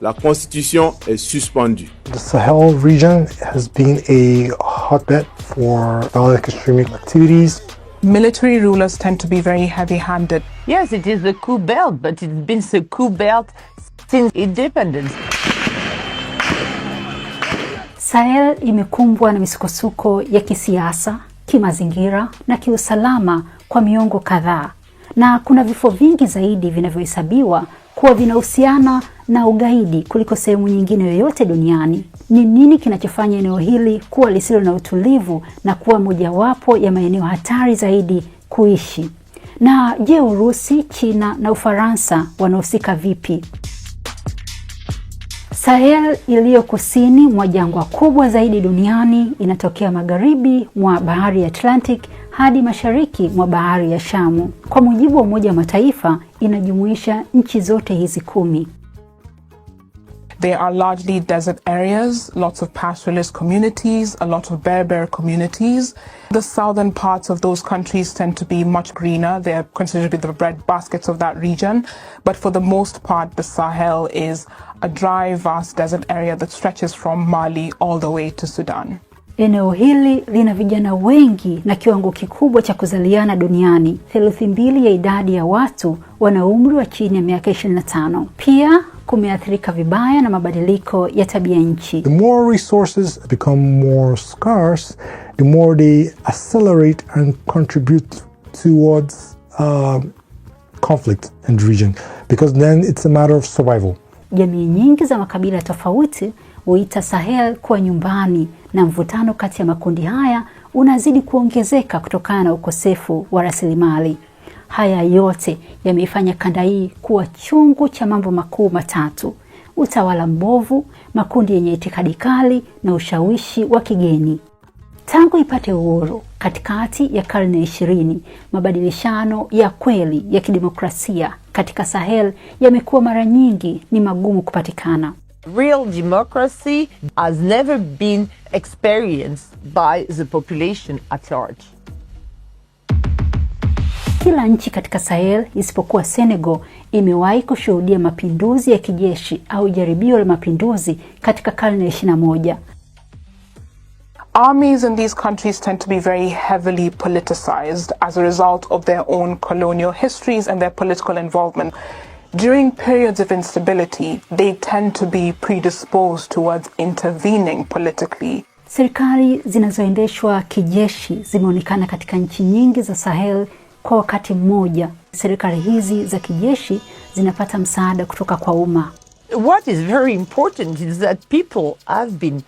la Constitution est suspendue. The Sahel region has been a hotbed for violent extremist activities. Military rulers tend to be very heavy-handed. Yes, it is a coup belt, but it's been a coup belt since independence. Sahel imekumbwa na misukosuko ya kisiasa, kimazingira na kiusalama kwa miongo kadhaa na kuna vifo vingi zaidi vinavyohesabiwa kuwa vinahusiana na ugaidi kuliko sehemu nyingine yoyote duniani. Ni nini kinachofanya eneo hili kuwa lisilo na utulivu na kuwa mojawapo ya maeneo hatari zaidi kuishi? Na je, Urusi, China na Ufaransa wanahusika vipi? Sahel iliyo kusini mwa jangwa kubwa zaidi duniani inatokea magharibi mwa bahari ya Atlantic hadi mashariki mwa bahari ya Shamu. Kwa mujibu wa Umoja wa Mataifa, inajumuisha nchi zote hizi kumi. They are largely desert areas, lots of pastoralist communities, a lot of Berber communities. The southern parts of those countries tend to be much greener. They are considered to be the bread baskets of that region. But for the most part, the Sahel is a dry, vast desert area that stretches from Mali all the way to Sudan. Eneo hili lina vijana wengi na kiwango kikubwa cha kuzaliana duniani. Theluthi mbili ya idadi ya watu wana umri wa chini ya miaka 25. Pia kumeathirika vibaya na mabadiliko ya tabia nchi. The more resources become more scarce, the more they accelerate and contribute towards uh, conflict and region because then it's a matter of survival jamii nyingi za makabila tofauti huita Sahel kuwa nyumbani, na mvutano kati ya makundi haya unazidi kuongezeka kutokana na ukosefu wa rasilimali. Haya yote yameifanya kanda hii kuwa chungu cha mambo makuu matatu: utawala mbovu, makundi yenye itikadi kali na ushawishi wa kigeni. Tangu ipate uhuru, katikati ya karne ishirini, mabadilishano ya kweli ya kidemokrasia katika Sahel yamekuwa mara nyingi ni magumu kupatikana. Real democracy has never been experienced by the population at large. Kila nchi katika Sahel isipokuwa Senegal imewahi kushuhudia mapinduzi ya kijeshi au jaribio la mapinduzi katika karne ya 21 armies in these countries tend to be very heavily politicized as a result of their own colonial histories and their political involvement. During periods of instability, they tend to be predisposed towards intervening politically. Serikali zinazoendeshwa kijeshi zimeonekana katika nchi nyingi za Sahel kwa wakati mmoja. Serikali hizi za kijeshi zinapata msaada kutoka kwa umma. What is very important is that people have been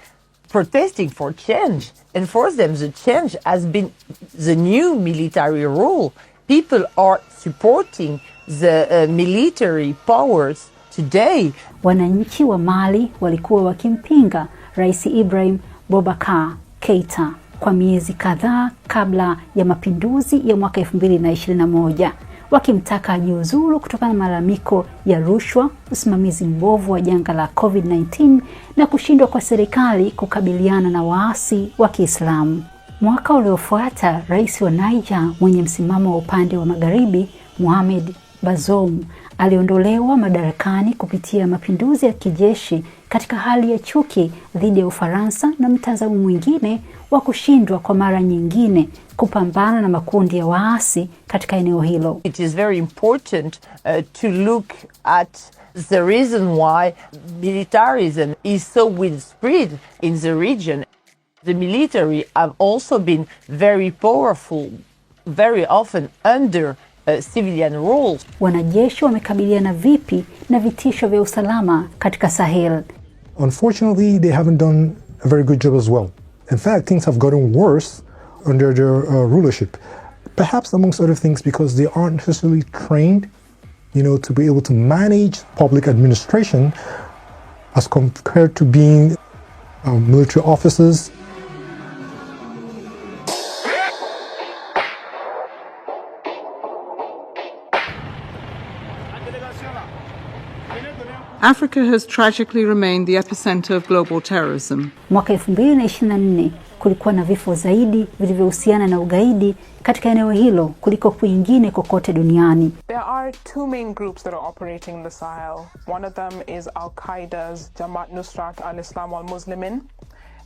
protesting for change. And for them, the change has been the new military rule. People are supporting the uh, military powers today. Wananchi wa Mali walikuwa wakimpinga Rais Ibrahim Boubacar Keita kwa miezi kadhaa kabla ya mapinduzi ya mwaka 2021 wakimtaka ajiuzulu kutokana na malalamiko ya rushwa, usimamizi mbovu wa janga la COVID-19 na kushindwa kwa serikali kukabiliana na waasi wa Kiislamu. Mwaka uliofuata, rais wa Niger mwenye msimamo wa upande wa magharibi Mohamed Bazoum aliondolewa madarakani kupitia mapinduzi ya kijeshi katika hali ya chuki dhidi ya Ufaransa na mtazamo mwingine wa kushindwa kwa mara nyingine kupambana na makundi ya waasi katika eneo hilo. It is very important uh, to look at the reason why militarism is so widespread in the region. The military have also been very powerful, very often under Eh, civilian rules. Wanajeshi wamekabiliana vipi na vitisho vya usalama katika Sahel? Unfortunately, they haven't done a very good job as well. In fact, things have gotten worse under their uh, rulership. Perhaps amongst other things because they aren't necessarily trained, you know, to be able to manage public administration as compared to being um, military officers Africa has tragically remained the epicenter of global terrorism. Mwaka 2024 kulikuwa na vifo zaidi vilivyohusiana na ugaidi katika eneo hilo kuliko kwingine kokote duniani. There are two main groups that are operating in the Sahel. One of them is Al-Qaeda's Jamaat Nusrat al-Islam al-Muslimin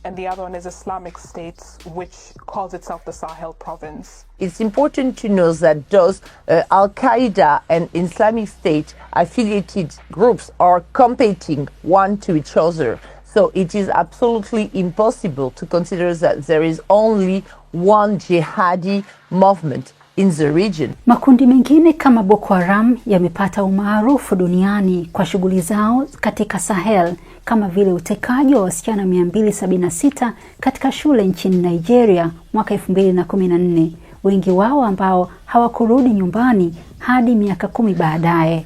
and the other one is Islamic State, which calls itself the Sahel province. It's important to know that those uh, Al Qaeda and Islamic State affiliated groups are competing one to each other. So it is absolutely impossible to consider that there is only one jihadi movement in the region. Makundi mengine kama Boko Haram yamepata umaarufu duniani kwa shughuli zao katika Sahel kama vile utekaji wa wasichana 276 katika shule nchini Nigeria mwaka 2014, wengi wao ambao hawakurudi nyumbani hadi miaka kumi baadaye.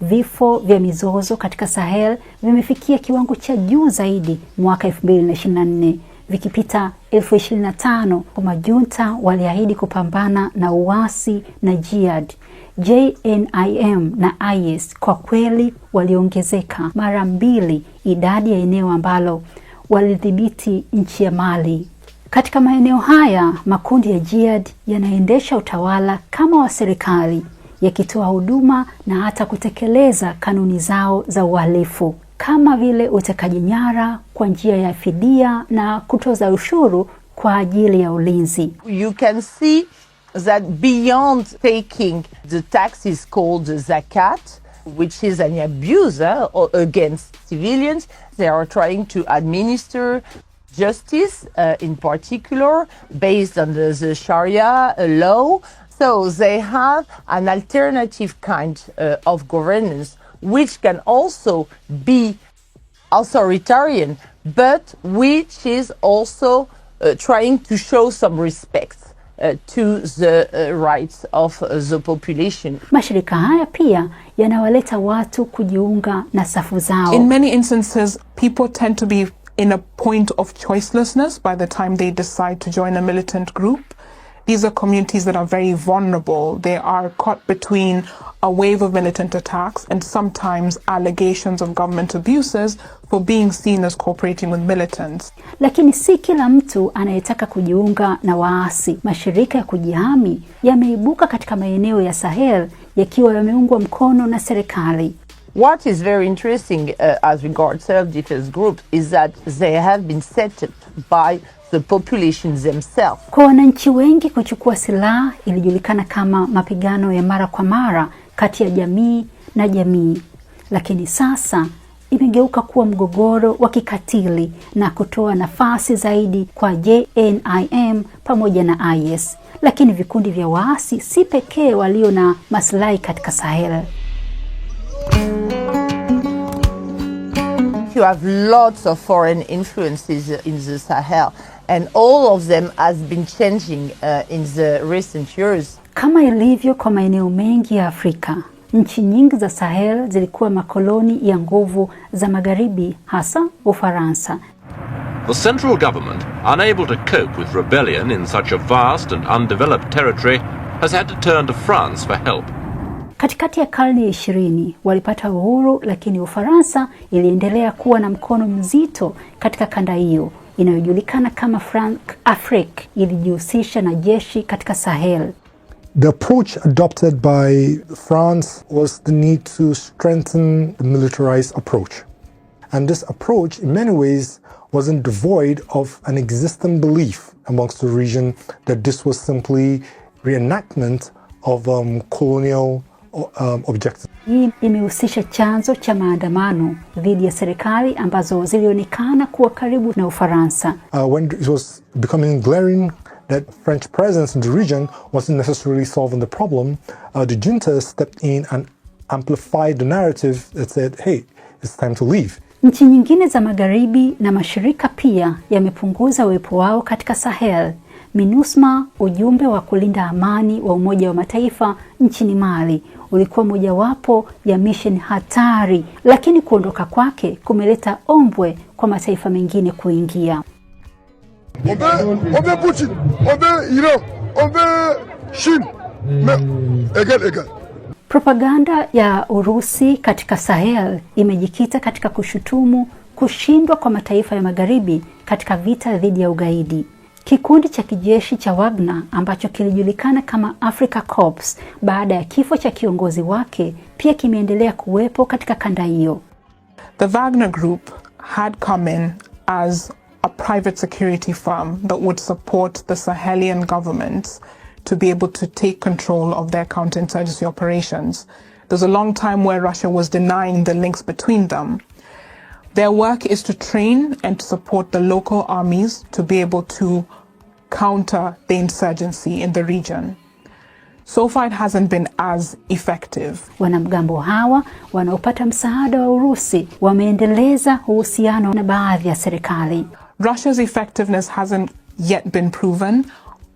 Vifo vya mizozo katika Sahel vimefikia kiwango cha juu zaidi mwaka 2024 vikipita elfu ishirini na tano. Majunta waliahidi kupambana na uasi na jihad JNIM na IS kwa kweli waliongezeka mara mbili idadi ya eneo ambalo walidhibiti nchi ya Mali. Katika maeneo haya makundi ya jihad yanaendesha utawala kama wa serikali, yakitoa huduma na hata kutekeleza kanuni zao za uhalifu kama vile utekaji nyara kwa njia ya fidia na kutoza ushuru kwa ajili ya ulinzi. You can see that beyond taking the tax is called zakat, which is an abuse uh, against civilians, they are trying to administer justice, uh, in particular, based on the, the Sharia uh, law. So they have an alternative kind uh, of governance, which can also be authoritarian, but which is also uh, trying to show some respect. Uh, to the uh, rights of the population. Mashirika haya pia yanawaleta watu kujiunga na safu zao. In many instances, people tend to be in a point of choicelessness by the time they decide to join a militant group. These are communities that are very vulnerable. They are caught between a wave of militant attacks and sometimes allegations of government abuses for being seen as cooperating with militants. Lakini si kila mtu anayetaka kujiunga na waasi. Mashirika ya kujihami yameibuka katika maeneo ya Sahel yakiwa yameungwa mkono na serikali. What is very interesting uh, as regards self-defense groups is that they have been set up by the populations themselves. Kwa wananchi wengi kuchukua silaha ilijulikana kama mapigano ya mara kwa mara kati ya jamii na jamii, lakini sasa imegeuka kuwa mgogoro wa kikatili na kutoa nafasi zaidi kwa JNIM pamoja na IS. Lakini vikundi vya waasi si pekee walio na maslahi katika Sahel. You have lots of foreign influences in the Sahel and all of them has been changing uh, in the recent years. Kama ilivyo kwa maeneo mengi ya Afrika, nchi nyingi za Sahel zilikuwa makoloni ya nguvu za magharibi hasa Ufaransa. The central government, unable to cope with rebellion in such a vast and undeveloped territory, has had to turn to France for help. Katikati ya karne ya ishirini walipata uhuru, lakini Ufaransa iliendelea kuwa na mkono mzito katika kanda hiyo. inayojulikana kama ilijihusisha na jeshi katika Sahel. The approach adopted by France was the need to strengthen the militarized approach. And this approach in many ways wasn't devoid of an existing belief amongst the region that this was simply reenactment of um, colonial um, objectives. Hii imehusisha chanzo cha maandamano dhidi ya serikali ambazo zilionekana kuwa karibu na Ufaransa. Uh, when it was becoming glaring that French presence in the region wasn't necessarily solving the problem, uh, the junta stepped in and amplified the narrative that said, hey, it's time to leave. Nchi nyingine za magharibi na mashirika pia yamepunguza uwepo wao katika Sahel MINUSMA, ujumbe wa kulinda amani wa Umoja wa Mataifa nchini Mali ulikuwa mojawapo ya misheni hatari, lakini kuondoka kwake kumeleta ombwe kwa mataifa mengine kuingia. Obe, obe Putin, obe Iran, obe Shin, me, egal, egal. Propaganda ya Urusi katika Sahel imejikita katika kushutumu kushindwa kwa mataifa ya Magharibi katika vita dhidi ya ugaidi. Kikundi cha kijeshi cha Wagner ambacho kilijulikana kama Africa Corps baada ya kifo cha kiongozi wake pia kimeendelea kuwepo katika kanda hiyo. The Wagner Group had come in as a private security firm that would support the Sahelian governments to be able to take control of their counterinsurgency operations. There's a long time where Russia was denying the links between them. Their work is to train and to support the local armies to be able to counter the insurgency in the region. So far it hasn't been as effective. Wanamgambo hawa wanaopata msaada wa Urusi wameendeleza uhusiano na baadhi ya serikali. Russia's effectiveness hasn't yet been proven,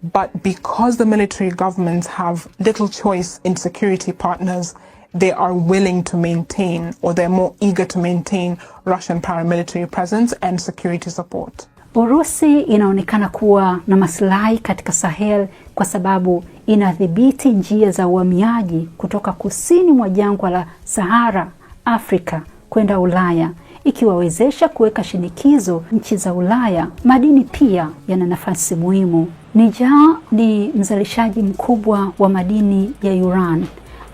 but because the military governments have little choice in security partners, they are willing to maintain or they're more eager to maintain Russian paramilitary presence and security support. Urusi inaonekana kuwa na maslahi katika Sahel kwa sababu inadhibiti njia za uhamiaji kutoka kusini mwa jangwa la Sahara, Afrika kwenda Ulaya, ikiwawezesha kuweka shinikizo nchi za Ulaya. Madini pia yana nafasi muhimu. Niger ni mzalishaji mkubwa wa madini ya uran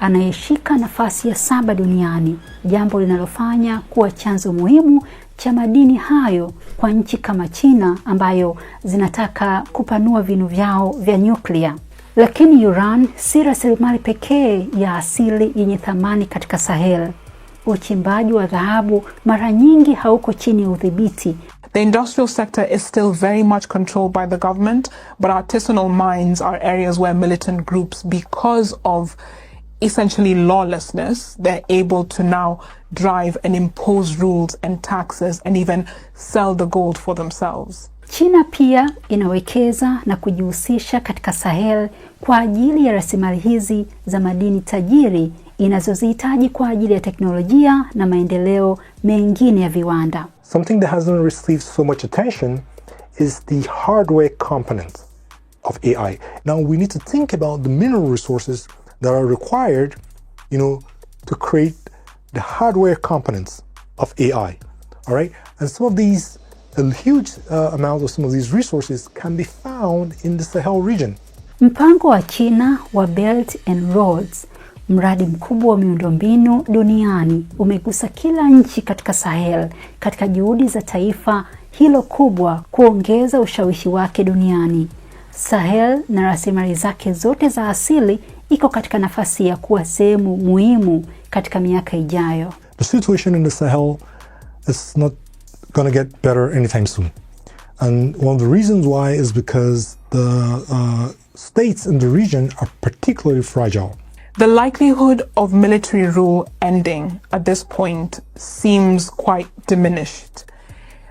anayeshika nafasi ya saba duniani, jambo linalofanya kuwa chanzo muhimu cha madini hayo kwa nchi kama China ambayo zinataka kupanua vinu vyao vya nyuklia. Lakini urani si rasilimali pekee ya asili yenye thamani katika Sahel. Uchimbaji wa dhahabu mara nyingi hauko chini ya udhibiti. The industrial sector is still very much controlled by the government, but artisanal mines are areas where militant groups because of essentially lawlessness, they're able to now drive and impose rules and taxes and even sell the gold for themselves. China pia inawekeza na kujihusisha katika Sahel kwa ajili ya rasilimali hizi za madini tajiri inazozihitaji kwa ajili ya teknolojia na maendeleo mengine ya viwanda. Something that hasn't received so much attention is the hardware component of AI. Now we need to think about the mineral resources that are required, you know, to create the hardware components of AI. All right, and some of these a huge uh, amount of some of these resources can be found in the Sahel region. Mpango wa China wa Belt and Roads, mradi mkubwa wa miundombinu duniani, umegusa kila nchi katika Sahel katika juhudi za taifa hilo kubwa kuongeza ushawishi wake duniani. Sahel na rasilimali zake zote za asili iko katika nafasi ya kuwa sehemu muhimu katika miaka ijayo. The situation in the Sahel is not going to get better anytime soon. And one of the reasons why is because the uh, states in the region are particularly fragile. The likelihood of military rule ending at this point seems quite diminished.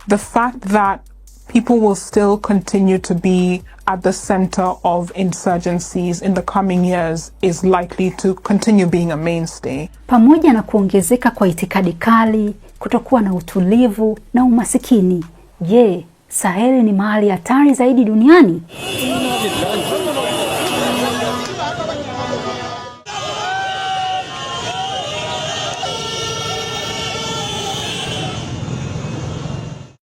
The fact that people will still continue to be at the center of insurgencies in the coming years is likely to continue being a mainstay. Pamoja na kuongezeka kwa itikadi kali, kutokuwa na utulivu na umasikini, je, Saheli ni mahali hatari zaidi duniani?